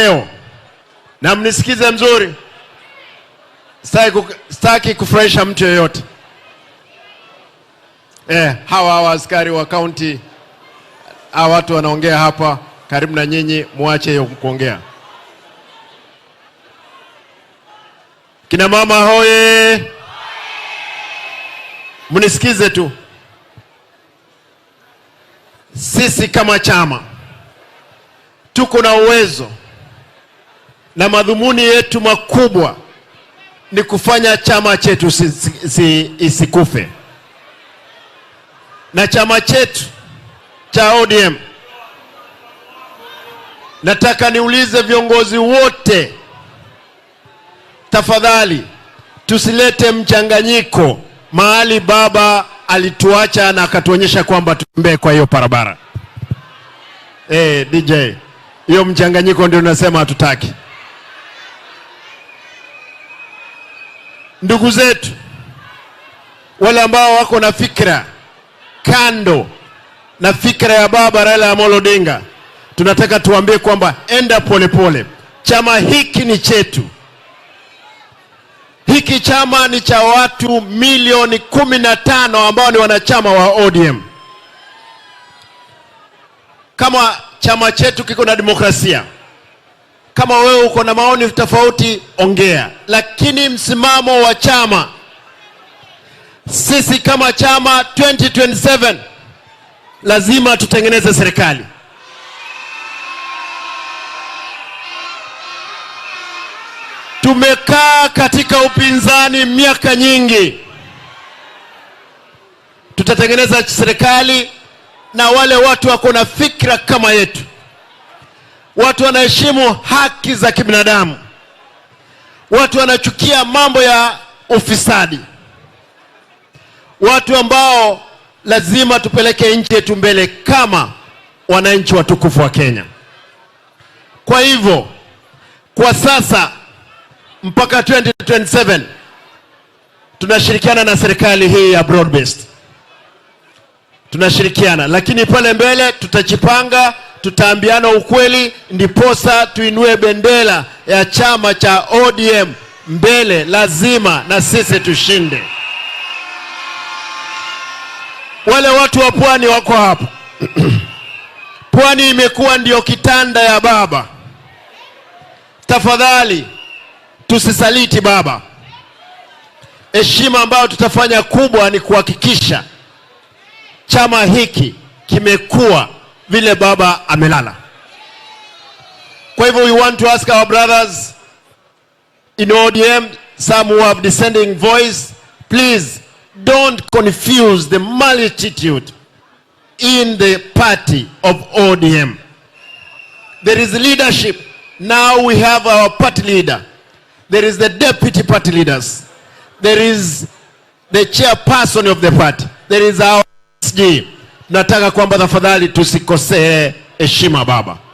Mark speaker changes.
Speaker 1: Leo na mnisikize mzuri, sitaki kufurahisha mtu yoyote eh. Hawa hawa askari wa kaunti, hawa watu wanaongea hapa karibu na nyinyi, muache hiyo kuongea. Kina mama hoye, mnisikize tu. Sisi kama chama tuko na uwezo na madhumuni yetu makubwa ni kufanya chama chetu si, si, isikufe. Na chama chetu cha ODM, nataka niulize viongozi wote, tafadhali tusilete mchanganyiko mahali baba alituacha na akatuonyesha kwamba tutembee kwa hiyo barabara. Hey, eh, DJ, hiyo mchanganyiko ndio nasema hatutaki. ndugu zetu wale ambao wako na fikra kando na fikra ya baba Raila Amolo Odinga, tunataka tuambie kwamba enda polepole pole. Chama hiki ni chetu, hiki chama ni cha watu milioni kumi na tano ambao ni wanachama wa ODM. Kama chama chetu kiko na demokrasia kama wewe uko na maoni tofauti, ongea, lakini msimamo wa chama, sisi kama chama 2027 lazima tutengeneze serikali. Tumekaa katika upinzani miaka nyingi, tutatengeneza serikali na wale watu wako na fikra kama yetu. Watu wanaheshimu haki za kibinadamu, watu wanachukia mambo ya ufisadi, watu ambao lazima tupeleke nchi yetu mbele kama wananchi watukufu wa Kenya. Kwa hivyo kwa sasa mpaka 2027 tunashirikiana na serikali hii ya broad based, tunashirikiana, lakini pale mbele tutajipanga tutaambiana ukweli, ndiposa tuinue bendera ya chama cha ODM mbele. Lazima na sisi tushinde. Wale watu wa pwani wako hapa. Pwani imekuwa ndiyo kitanda ya baba. Tafadhali tusisaliti baba. Heshima ambayo tutafanya kubwa ni kuhakikisha chama hiki kimekuwa vile baba amelala.
Speaker 2: Kwa hivyo we want to ask our brothers in ODM, some who have dissenting voice, please don't confuse the multitude in the party of ODM. There is leadership. Now we have our party leader. There is the deputy party leaders. There is the chairperson of the party. There is our SG. nataka kwamba tafadhali tusikosee heshima baba.